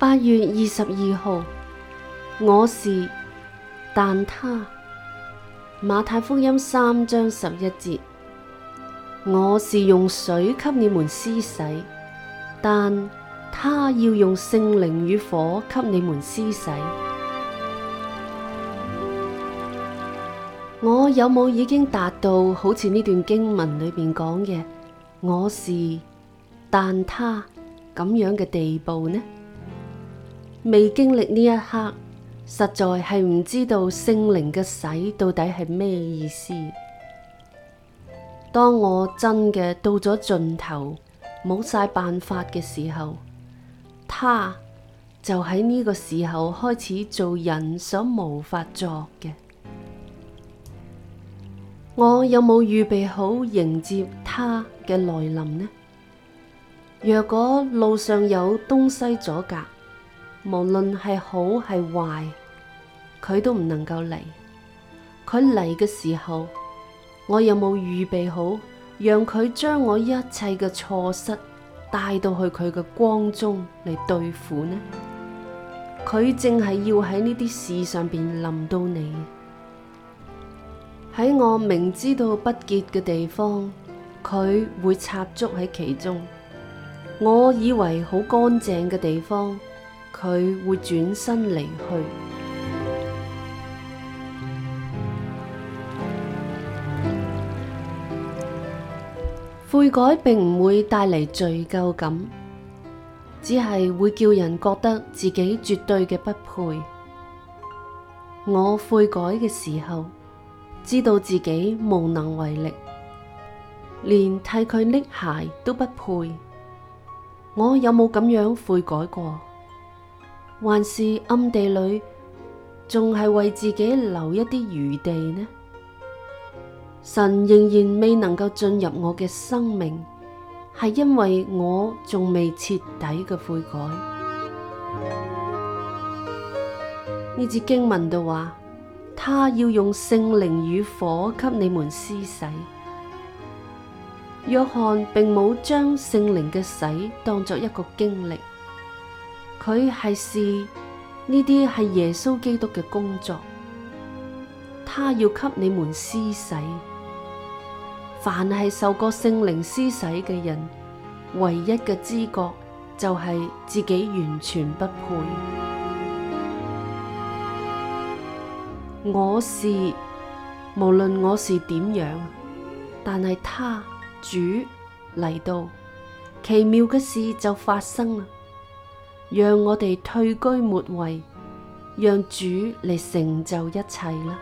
八月二十二號，我是，但他，馬太福音三章十一節，我是用水給你們施洗，但他要用聖靈與火給你們施洗。我有冇已經達到好似呢段經文裏面講嘅，我是，但他，咁樣嘅地步呢？未經歷呢一刻，實在係唔知道聖靈嘅洗到底係咩意思。當我真嘅到咗盡頭，冇晒辦法嘅時候，他就喺呢個時候開始做人所無法作嘅。我有冇預備好迎接他嘅來臨呢？若果路上有東西阻隔。無論係好係壞，佢都唔能夠嚟。佢嚟嘅時候，我有冇預備好，讓佢將我一切嘅錯失帶到去佢嘅光中嚟對付呢？佢淨係要喺呢啲事上邊臨到你。喺我明知道不潔嘅地方，佢會插足喺其中。我以為好乾淨嘅地方。佢會轉身離去。悔改並唔會帶嚟罪疚感，只係會叫人覺得自己絕對嘅不配。我悔改嘅時候，知道自己無能為力，連替佢拎鞋都不配。我有冇咁樣悔改過？還是暗地裏仲係為自己留一啲餘地呢？神仍然未能夠進入我嘅生命，係因為我仲未徹底嘅悔改。呢節 經文度話，他要用聖靈與火給你們施洗。約翰並冇將聖靈嘅洗當作一個經歷。佢係視呢啲係耶穌基督嘅工作，他要給你們施洗。凡係受過聖靈施洗嘅人，唯一嘅知覺就係自己完全不配。我是，無論我是點樣，但係他主嚟到，奇妙嘅事就發生啦。讓我哋退居末位，讓主嚟成就一切啦。